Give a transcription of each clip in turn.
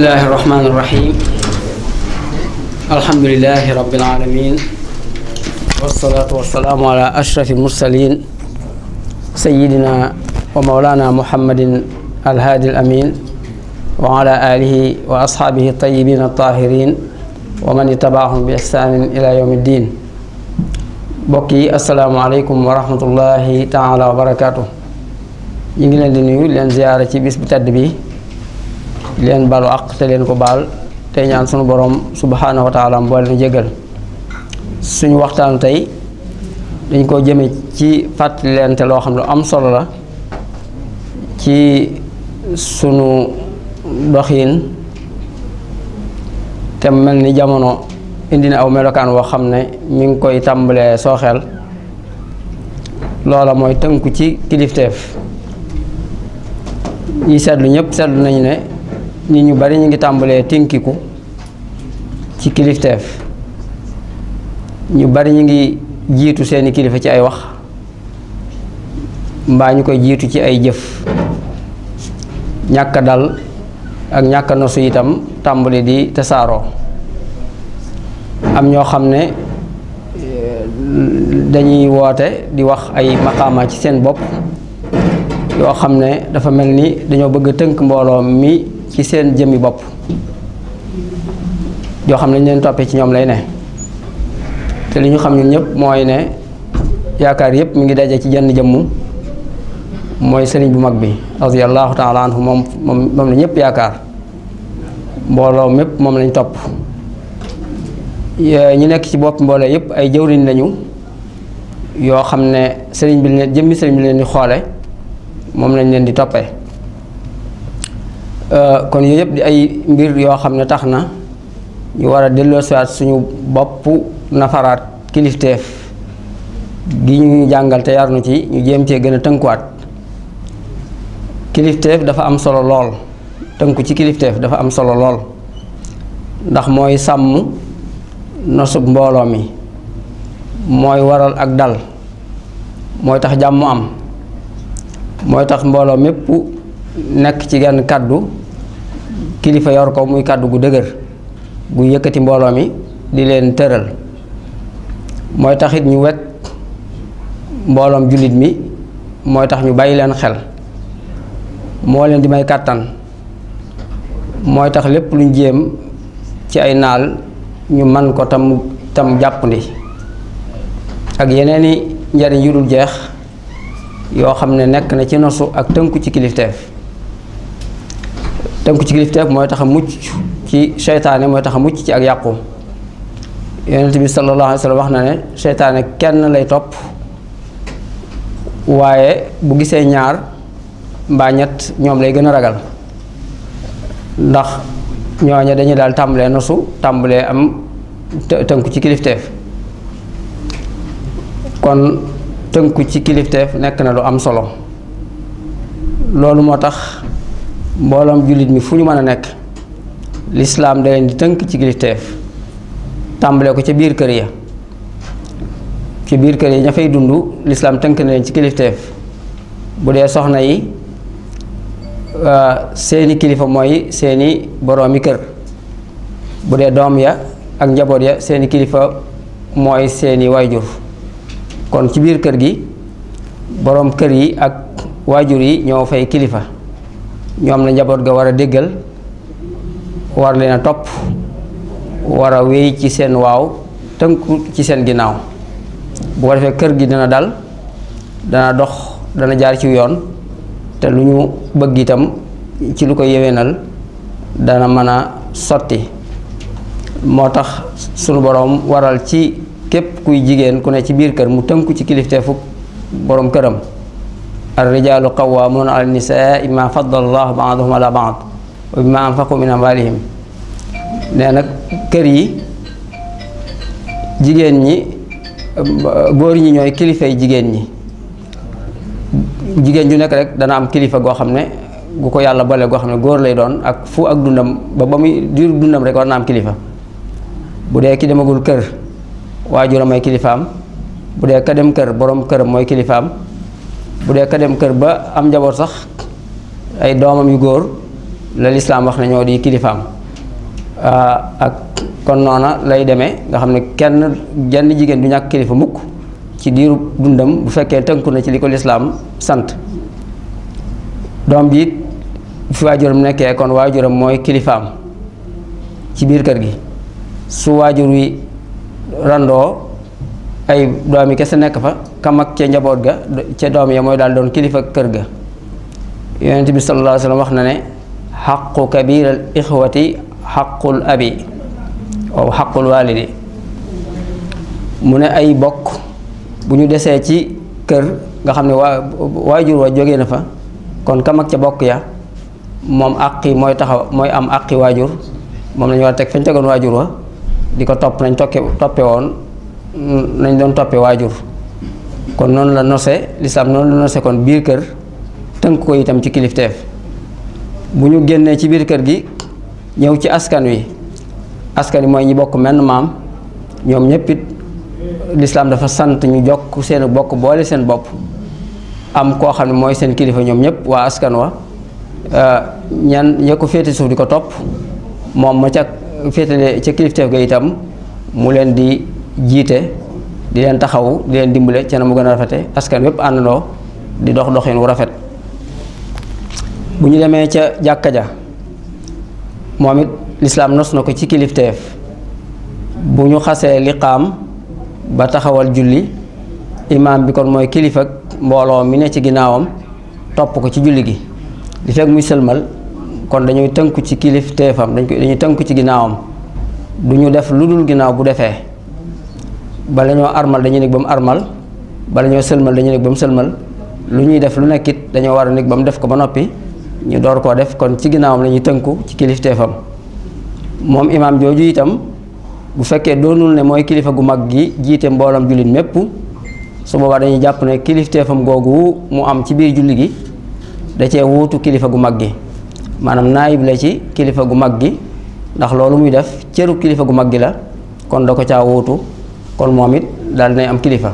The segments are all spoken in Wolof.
الله الرحمن الرحيم الحمد لله رب العالمين والصلاة والسلام على أشرف المرسلين سيدنا ومولانا محمد الهادي الأمين وعلى آله وأصحابه الطيبين الطاهرين ومن اتبعهم بإحسان إلى يوم الدين بكي السلام عليكم ورحمة الله تعالى وبركاته ñu ngi leen di Lian balu ak te len ko bal te ñaan sunu borom subhanahu wa taala mboole nu jégal suñu waxtaan tay dañ ko jëme ci fat len te lo xam lu am solo la ci sunu doxine te melni ni jamono indina aw melokan wo xamne mi ngi koy so xel lola moy teunku ci kiliftef yi seetlu ñep seetlu nañu ne nit ñu bari ñi ngi tàmbalee tinkiku ci kiliftef ñu bari ñi ngi jitu seen kilifa ci ay wax mba ñu koy jitu ci ay jëf ñaka dal ak ñaka no nosu itam tambalé di tasaro am ño xamné eh, dañuy woté di wax ay maqama ci seen bop yo xamné dafa melni dañu bëgg teunk mbolo mi ci seen jëmmi bopp yoo xam ne ñu leen toppee ci ñoom lay ne te li ñu xam ñun ñëpp mooy ne yaakaar yëpp mi ngi daje ci jenn jëmmu mooy sëriñ bu mag bi radiyallahu taala anhu moom moom moom la ñëpp yaakaar mbooloo mépp moom lañ topp ñu nekk ci bopp mbooloo yëpp ay jëwriñ lañu yoo xam ne sëriñ bi leen jëmmi sëriñ bi leen di xoole moom lañ leen di toppee Euh, kon yooyu yëpp di ay mbir yoo xam ne tax na ñu war a delloosiwaat suñu boppu nafaraat kilifteef gi ñu jàngal te yar nu ci ñu jéem cee gën a tënkuwaat kilifteef dafa am solo lool tënku ci kilifteef dafa am solo lool ndax mooy sàmm nosub mbooloo mi mooy waral ak dal mooy tax jàmm am mooy tax mbooloo mépp nekk ci genn kàddu kilifa yor ko muy kaddu gu dëgër gu yëkëti mbolo mi di leen teural moy taxit ñu wet mbolom julit mi moy tax ñu bayi leen xel mo leen di may kàttan moy tax lepp luñu jëm ci ay naal ñu man ko tam tam ni ak yeneeni njariñ yu jeex yo xamne nek na ci nosu ak teunku ci kiliftef tënku ci kilifteef mooy tax a mucc ci seytaane mooy tax a mucc ci ak yàqu yonent bi sallallahu alayhi wax na ne seytaane kenn lay topp waaye bu gisee ñaar mbaa ñoom lay gën a ragal ndax ñooña dañu daal tàmbalee nosu tàmbalee am tënku ci kilifteef kon tënku ci kilifteef nekk na lu am solo loolu moo tax mbolam julit mi fuñu mëna nek l'islam da len di teunk ci gilitef tambalé ko ci bir kër ya ci bir kër ya ña fay dundu l'islam tënk na len ci gilitef bu dé soxna yi euh, seeni kilifa moy seeni boromi kër bu dé dom ya ak njabot ya seeni kilifa moy seeni waajur kon ci bir kër gi wajuri kër yi ak wajur yi ñoo fay kilifa ñoom la njaboot ga war a déggal war leen a topp war a wéy ci seen waaw tënku ci seen ginnaaw bu ko defee kër gi dana dal dana dox dana jaar ci yoon te lu ñu bëgg itam ci lu ko yéwénal dana mën a sotti moo tax sunu boroom waral ci képp kuy jigéen ku ne ci biir kër mu tënku ci kilifteefu boroom këram الرجال قوامون على النساء بما فضل الله بعضهم على بعض وبما أنفقوا من nag kër yi jigéen ñi góor ñi ñooy kilifa jigéen ñi jigéen ju nekk rek dana am kilifa goo xam ne gu ko yàlla boole goo xam ne góor lay doon ak fu ak dundam ba ba muy diir dundam rek war na am kilifa bu dee ki demagul kër waajuram mooy kilifaam bu dee ka dem kër borom këram mooy kilifaam budé ka dem kër ba am jabor sax ay domam yu gor la l'islam wax ne ñoo di kilifaam ah, ak kon nona lay démé nga xamné kenn jenn jigen du ñak kilifa mukk ci diru dundam bu féké tanku na ci liko l'islam sante sant bi fi wajuram nekké kon moy kilifa am ci biir kër gi su wajur wi rando ay doomi kessé nek fa kamak mag ca njaboot ga ci dom ya moy dal don kilifa keur ga yonent bi sallallahu alaihi wasallam ne haqqu kabir al abi aw xaqul walidi mune ay bok buñu ñu ci keur nga xam wajur wa na fa kon ka mag ya mom àqi moy taxaw moy am àqi wajur, mom lañu war tek fañ wa di top topp tokke toppe nañ kon non la nosé l'islam non la nosé kon biir kër tënk ko itam ci kiliftef bu ñu génnee ci biir kër gi ñew ci askan wi askan moy ñi bokk menn maam ñom ñepp it lislaam dafa sant ñu jokk seen bokk boole seen bop am ko xam moy seen kilifa ñom ñepp wa askan wa euh, ñan Nyan, ko féete suuf diko ko mom ma ca fété ci kiliftef ga itam mu len di jité di len taxaw di len dimbalé ci na mu gëna a askan wépp àndandoo di dox doxé wu rafet bu ñu demee ca jàkka ja moom nos nako ci kiliftef bu ñu xasee liqaam ba taxawal julli imam bi kon moy kilifa mbolo mi ne ci ginaawam top ko ci julli gi di fek muy selmal kon dañuy teunku ci kilifteefam dañuy teunku ci ginaawam du def luddul ginaaw bu defee bala armal dañu nek bam armal bala selmal dañu nek bam selmal luñuy def lu nekit dañu war nek bam def ko ba nopi ñu door ko def kon ci ginaawam lañuy ñuy ci kiliftefam mom imam joju itam bu fekke doonul ne moy kilifa gu maggi jité mbolam julit mepp su boobaa dañuy japp ne kiliftefam gogu mu am ci biir julli gi da ci wuutu kilifa gu maggi manam naayib la ci kilifa gu maggi ndax lolu muy def cëru kilifa gu maggi la kon da ko ca wuutu kon moom it daal dinay am kilifa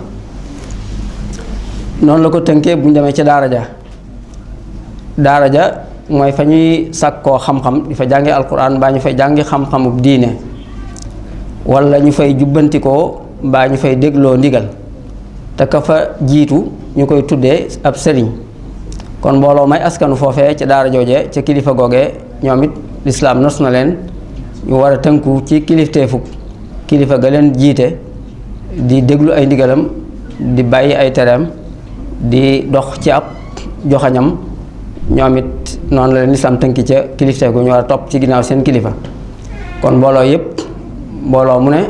noonu la ko tënkee bu ñu demee ca daara ja daara ja mooy fa ñuy sàkkoo xam-xam di fa jànge alquran mbaa ñu fay jàngi xam-xamub diine wala ñu fay jubbantikoo mbaa ñu fay dégloo ndigal te ka fa jiitu ñu koy tuddee ab sëriñ kon mbooloo may askanu foofe ca daara jooje ca kilifa googee ñoom it lislaam nos na leen ñu war a tënku ci kilifteefuk kilifa ga leen jiite di déglu ay ndigalam di bàyyi ay tereem di dox ci ab joxañam ñoom it noonu la leen lislaam tënki ca kilifte gu ñu war a topp ci ginnaaw seen kilifa kon mbooloo yépp mbooloo mu ne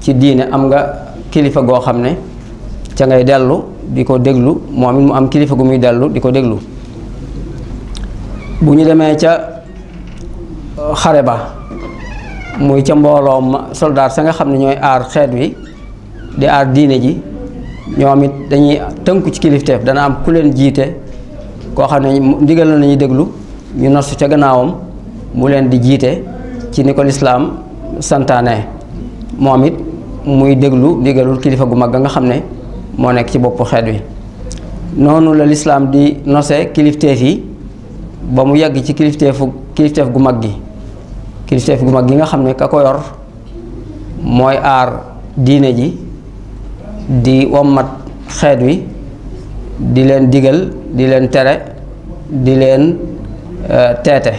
ci diine am nga kilifa goo xam ne ca ngay dellu di ko déglu moom it mu am kilifa gu muy dellu di ko déglu bu ñu demee ca xare ba muy ca mbooloo soldaar sa nga xam ne ñooy aar xeet wi di aar diine ji ñoom it dañuy tënku ci kilifteef dana am ku leen jiite koo xam ne ndigal la nañuy déglu ñu nosu ca gannaawam mu leen di jiite ci ni ko lislaam santaane moom it muy déglu ndigalul kilifa gu mag nga xam ne moo nekk ci boppu xeet wi noonu la lislaam di nose kilifteef yi ba mu yegg ci kilifteefu kilifteef gu mag gi kilifteef gu mag gi nga xam ne ka ko yor mooy aar diine ji di wommat xeet wi di leen digal di leen tere di leen e, teete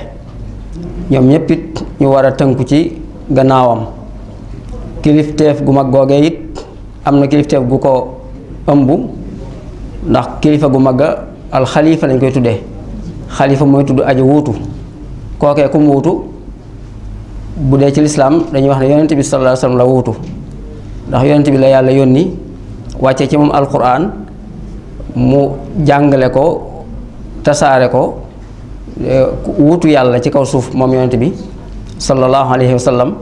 ñoom ñépp it ñu war a tënku ci gannaawam kilifteef gu mag googee it am na kilifteef gu ko ëmb ndax kilifa gu mag a alxalifa lañ koy tuddee xalifa mooy tudd aji wuutu kookee kum wuutu bu dee ci lislaam dañuy wax ne yonent bi sallallahu la wuutu ndax yonent bi la yàlla yónni wàcce ci moom alquran mu jàngale ko tasaare ko eh, wutu yàlla ci kaw suuf moom yonent bi sallallahu alayhi wa sallam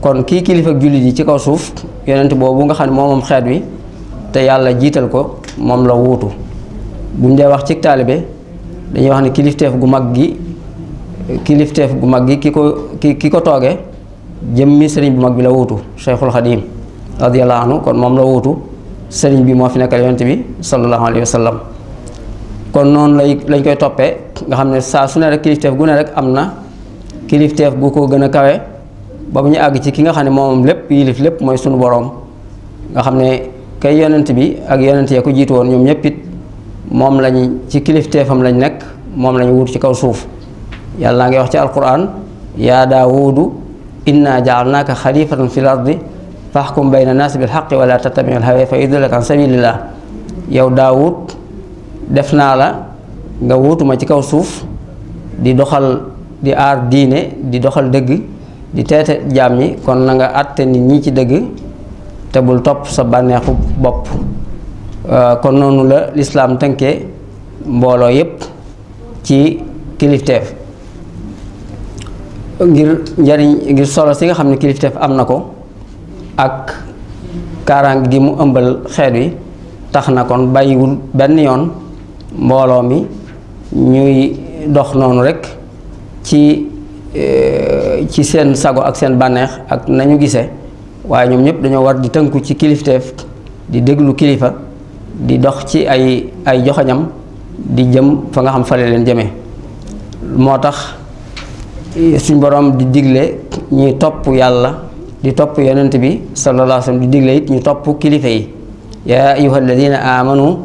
kon kii kilifa jullit yi ci kaw suuf yonent boobu nga xam ne moom xeet wi te yàlla jiital ko moom la wuutu bu ñu dee wax ci taalibe dañuy wax ne kilifteef gu mag gi kilifteef gu mag gi ki ko ki ki ko tooge jëmmi sëriñ bu mag bi la wuutu Cheikhul Xadim radiyallahu anhu kon moom la wuutu sëriñ bi moo fi nekkal yonent bi sallallahu alayhi wa sallam kon noonu lay lañ koy toppee nga xam ne saa su ne rek kilifteef gu ne rek am na kilifteef gu ko gën a kawe ba bu ñu àgg ci ki nga xam ne moom lépp yilif lépp mooy sunu boroom nga xam ne kay bi ak yonent ya ko ñoom ñëpp it moom lañ ci kilifteefam lañ nekk moom lañu wut ci kaw suuf yàlla naa ngi wax ci alquran yaa daawudu inna jaalnaaka xalifatan fil ardi fahkum bayna nas bil haqqi wa la tattabi'il hawa fa yudillaka an sabilillah yow Daawud defna la nga wutuma ci kaw suuf di doxal di ar diine di doxal deug di tete kon na nga atte ni ñi ci deug te bul top sa bànneexu bopp euh, kon nonu la l'islam tanke mbolo yep ci kiliftef ngir njariñ ngir solo si nga xamni kiliftef amna ko ak karang gi mu ëmbal xeet wi taxna kon bayiwul benn yoon mbooloo mi ñuy dox noonu rek ci e, ci seen sago ak seen bànneex ak nañu gise, waaye ñoom ñëpp dañoo war di tënku ci kilifteef di déglu kilifa di dox ci ay ay joxoñam di jëm fa nga xam fale leen jëmee moo tax e, suñ di digle ñuy topp yàlla di top yonent ya, bi sallallahu alaihi wasallam di digle it ñu top kilifa yi ya ayuha alladina amanu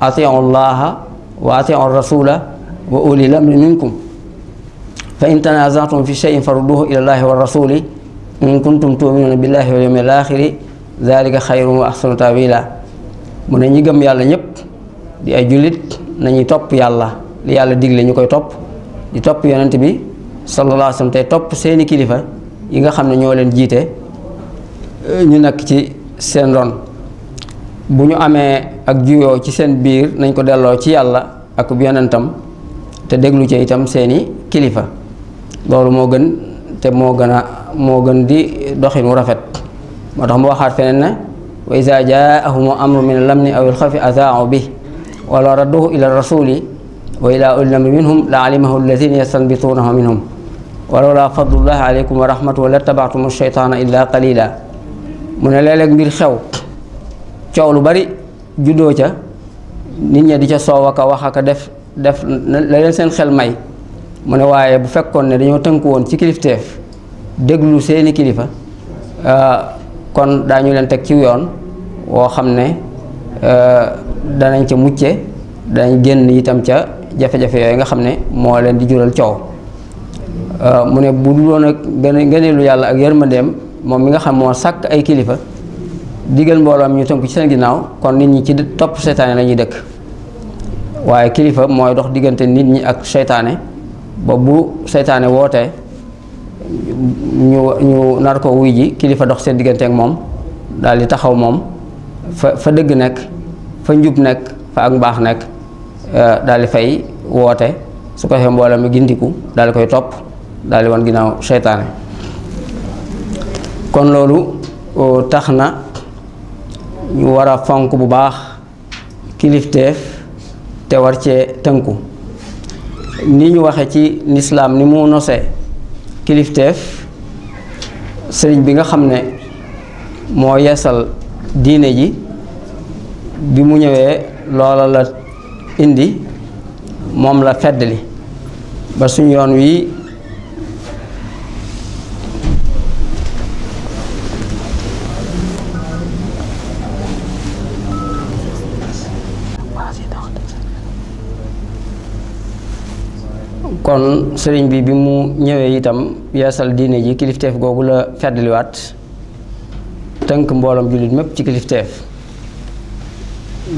atiu allaha wa atiu rasula wa ulil amri minkum fa in tanazatum fi shay'in farudduhu ila allahi wa rasuli in kuntum tuminuna billahi wal yawmil akhir dhalika khayrun wa ahsanu tawila mu ne ñi gëm yalla ñep di ay julit nañuy top yalla li yalla digle ñukoy top topp di top yonent bi sallallahu alaihi wasallam sallam top seeni kilifa yi nga xamne ñoo leen jité ñu nak ci seen ron bu ñu amé ak juyoo ci seen biir nañ ko delo ci yàlla ak bu yonentam te déglu ci itam seeni kilifa lolu mo gën te mo gëna mo gën di doxin mu rafet moo tax mu waxaat feneen ne wa iza jaahum amru min lamni aw al khafi azaa'u bih wa la radduhu ila ar rasuli wa ila ulam minhum la'alimahu alladhina yastanbitunahu minhum ولولا فضل الله عليكم ورحمته لاتبعتم الشيطان الا قليلا mu ne léeg-léeg mbir xew coow lu bari juddoo ca nit ña di ca soow aka wax aka def def la leen seen xel may mu ne waaye bu fekkoon ne dañoo tënk woon ci kilifteef déglu seeni kilifa euh, kon daañu leen teg ci yoon woo xam ne euh, danañ ca mucce danañ génn itam ca jafe-jafe yooyu nga xam ne moo leen di jural coow euh, mu ne bu duloon ak gëneelu yàlla ak yërmandeem moom mi nga xam moo sàkk ay kilifa diggal mbooloom ñu tënku ci seen ginnaaw kon nit ñi ci topp seytaane la ñuy dëkk waaye kilifa mooy dox diggante nit ñi ak seytaane ba bu seytaane wootee ñu ñu nar ko wuy ji kilifa dox seen diggante ak moom daal di taxaw moom fa fa dëgg nekk fa njub nekk fa ak mbaax nekk euh, daal di fay woote su ko xee mbooloo mi gindiku daal di koy topp daal di wan ginnaaw seytaane kon loolu tax na ñu war fonk bu baax kilifteef te war cee tënku ni ñu waxe ci lislaam ni mu nosee kilifteef sëriñ bi nga xam ne moo yeesal diine ji bi mu ñëwee loola la indi moom la feddali ba suñu yoon wi kon sering bi bi mu ñëwee itam yaasal diiné ji kilifteef googu la wat tank mbolam julit mépp ci kilifteef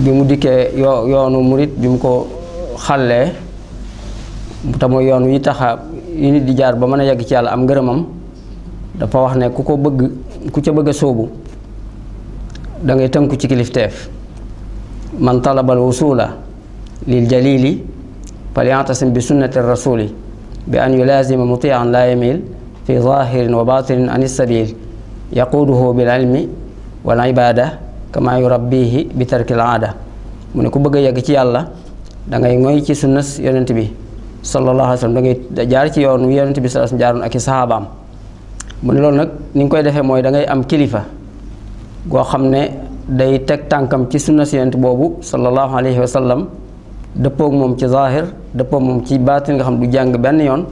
bi mu dikkee yoonu mourid bi mu ko xalé te mooy yoon wi taxa yi nit di jaar ba mëna yegg ci yàlla am gëreemam dafa wax né ku bëgg ku ca bëgg soobu da ngay tanku ci man talabal wusula lil jalili فليعتصم بسنة الرسول بأن يلازم مطيعا لا يميل في ظاهر وباطن عن السبيل يقوده بالعلم والعبادة كما يربيه بترك العادة mu ne ku bëgg a yegg ci yàlla da ngay moy ci sunna yonent bi sallallahu alayhi wa sallam da ngay jaar ci yoonu yonent bi sallallahu jaaroon ak i saxaabaam mu ne loolu nag ni nga koy defee mooy da ngay am kilifa goo xam ne day teg tànkam ci sunna yonent boobu sallallahu alayhi wa sallam Depok mom ci zahir dëppoog mom ci batin nga xam du jang ben yon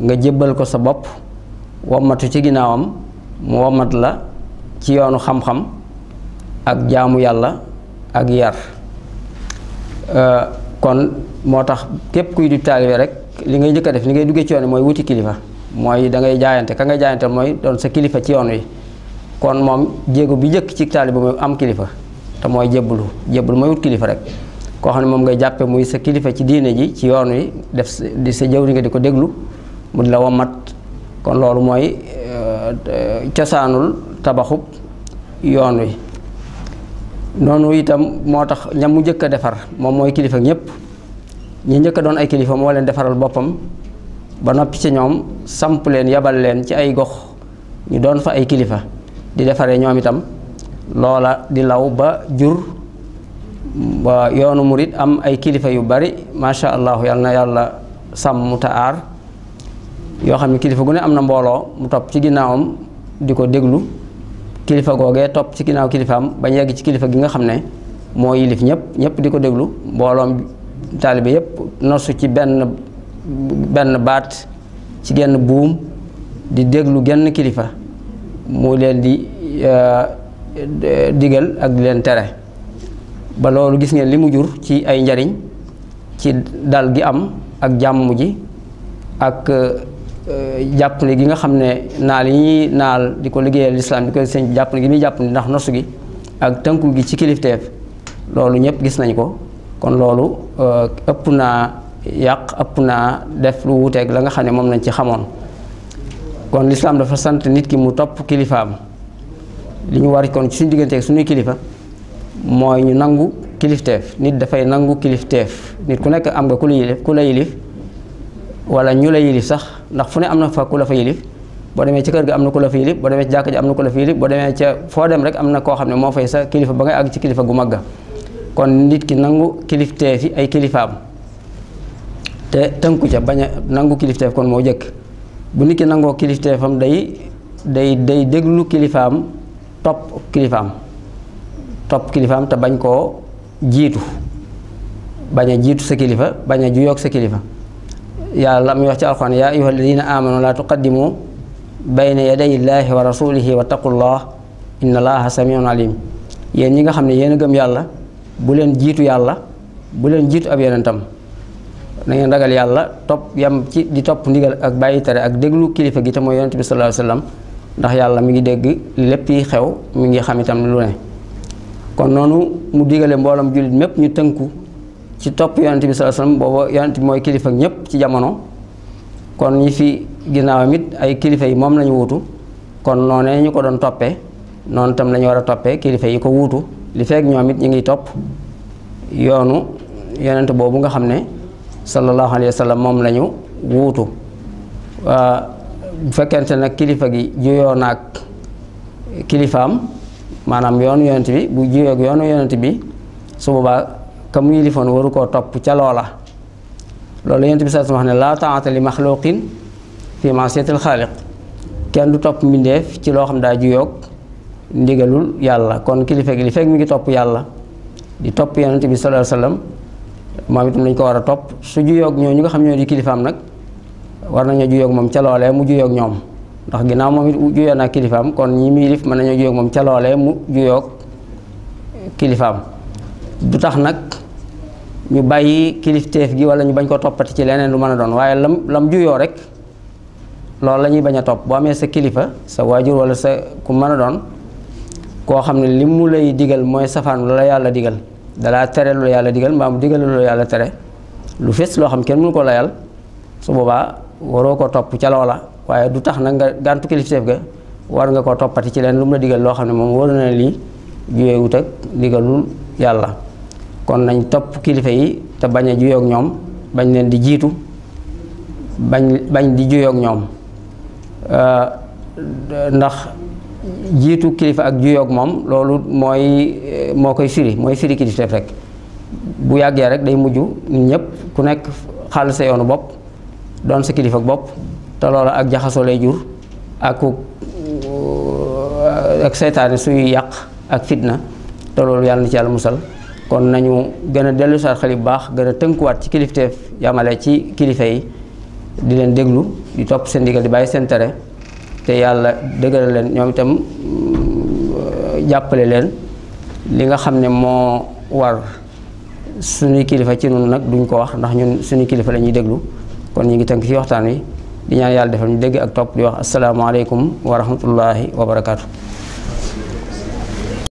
nga jebal ko sa bop wamatu ci ginaawam mu wamat la ci yoonu xam-xam ak jaamu yalla ak yar euh, kon motax kep kuy di talibé rek li ngay jëk def ni ngay duggé ci yoon moy wuti kilifa moy da ngay jaayante ka nga jaayante moy don sa kilifa ci yoon wi kon mom jéggu bi jëk ci talibé am kilifa ta moy jébulu jébbalu moy wut kilifa rek koo xam ne moom ngay jàppe muy sa kilifa ci diine ji ci yoon wi def sa di sa jawri nga di ko déglu mu di la womat kon loolu mooy euh, cosaanul tabaxub yoon wi noonu itam moo tax ñam mu njëkk a defar moom mooy kilifa ñëpp ñu njëkk a doon ay kilifa moo leen defaral boppam ba noppi ci ñoom samp leen yebal leen ci ay gox ñu doon fa ay kilifa di defaree ñoom itam loola di law ba jur ba yoonu murit am ay kilifa yu bari sha allah yalla yalla sam mutaar yo xamni yoo kilifa gune amna am na mu top ci ginnaawam di ko kilifa goge top ci ginnaaw kilifaam bañ yegg ci kilifa gi nga xamne ne yilif ñep ñep di ko mbolom talibe yep nosu ci ben ben baat ci genn boom di deglu genn kilifa mo len di euh, digel ak len tere ba loolu gis ngeen li mu jur ci ay njariñ ci dal gi am ak jàmm ji ak euh, jàpp ne gi nga xam ne naal yi ñuy naal di ko liggéeyal lislaam di ko sëñ jàpp ne gi muy jàpp ne ndax nosu gi ak tënku gi ci kilifteef loolu ñëpp gis nañ ko kon loolu euh, ëpp naa yàq ëpp naa def lu wuuteeg la nga xam ne moom lañ ci xamoon kon lislaam dafa sant nit ki mu topp kilifaam li ñu war kon ci suñu digganteeg suñuy kilifa mooy ñu nangu kilifteef nit dafay nangu kilifteef nit ku nekk am nga ku la yilif ku la yilif wala ñu la yilif sax ndax fu ne am na fa ku la fa yilif boo demee ci kër ga am na ku la fa yilif boo demee ci jàkk ji am na ku la fa yilif boo demee ca foo dem rek am na koo xam ne moo fay sa kilifa ba ngay àgg ci kilifa gu màgga kon nit ki nangu kilifteef yi ay kilifaam te tënku ca bañ a nangu kilifteef kon moo jëkk bu nit ki nangoo kilifteefam day day day déglu kilifaam topp kilifaam topp kilifaam te bañ koo jiitu bañ jiitu sa kilifa bañ a juyoog sa kilifa yàlla muy wax ci alxuraan yaa ayyuha alladina amanu laa tuqaddimu bayna yaday illaahi wa rasulihi wa taqullah inna allaha alim yéen ñi nga xam ne yéen a gëm yàlla bu leen jiitu yàlla bu leen jiitu ab yonentam na ngeen ragal yàlla topp yam ci di topp ndigal ak bàyyi tere ak déglu kilifa gi te mooy yonent bi sallallahu alayhi ndax yàlla mi ngi dégg xew mi ngi xam kon noonu mu digale mboolam jullit mépp ñu tënku ci topp yonent bi sallallahu alayhi wasallam yonent bi mooy kilifa ak ñëpp ci jamono kon ñi fi ginnaawam it ay kilifa yi moom lañu wuutu kon noonee ñu ko doon toppee noonu tam lañu war a toppee kilifa yi ko wuutu li fekk ñoom it ñu ngiy topp yoonu yonent boobu nga xam ne sallallahu alayhi wasallam moom lañu wuutu ah, bu fekkente nag kilifa gi juyoo naag kilifaam manam yoonu yon bi bu ak yoonu yon bi su boobaa kam yi yilifoon waru ko top ci lola loolu yonent bi saa su wax la ta'ata li makhluqin fi ma'siyatil khaliq ken du top mbindeef ci lo xam ju yok ndigalul yalla kon kilifek li fek mi ngi top yalla di top yonent bi sallallahu alayhi wasallam moom itam lañ ko wara top su ju yok ñoo ñu nga xam ñoo di kilifam nak war ju yok mom ci loolee mu yok ñom ndax ginaaw moom it juyoo naa kilifam kon ñi mi lif man nañu juyoog mom ci lolé mu juyoog kilifam du tax nak ñu kilif teef gi wala ñu bañ ko topati ci leneen lu mëna doon waye lam lam juyo rek lool lañuy baña top bo amé sa kilifa sa wajur wala sa ku mëna doon ko xam limu lay digal moy safan la yalla digal la tere lu la digal ma mu digal lu la téré lu fess lo xam kenn mënu ko layal su boba waro ko top ci lola waye du tax na nga gantu kilifteef ga war nga ko topati ci len lu la digal lo xamne mom moom na li juyeewut ak digalul yalla kon nañ top kilife yi te baña juyo ak ñom bañ len di jitu bañ bañ di ñom euh ndax jitu kilifa ak ak mom lolu moy mo koy firi moy firi kilifteef rek bu yagge rek day muju ñepp ku nek xal sa yoonu bop don sa kilifa bop te loola ak jaxasoo lay jur akuk ak seytaane suy yàq ak fitna te loolu yàlla na ci yàlla musal kon nañu gën a dellu saat xel bu baax gën a tënkuwaat ci kilifteef yamale ci kilife yi di leen déglu di topp seen digal di bàyyi seen tere te yàlla dëgëral leen ñoom itam euh, jàppale leen li nga xam ne moo war suni kilifa ci nun nag duñ ko wax ndax ñun suñuy kilifa la ñuy déglu kon ñu ngi tënk fi waxtaan wi di ñaan yàlla defal ñu dégg ak topp di wax asalaamaaleykum wa rahmatullahi wa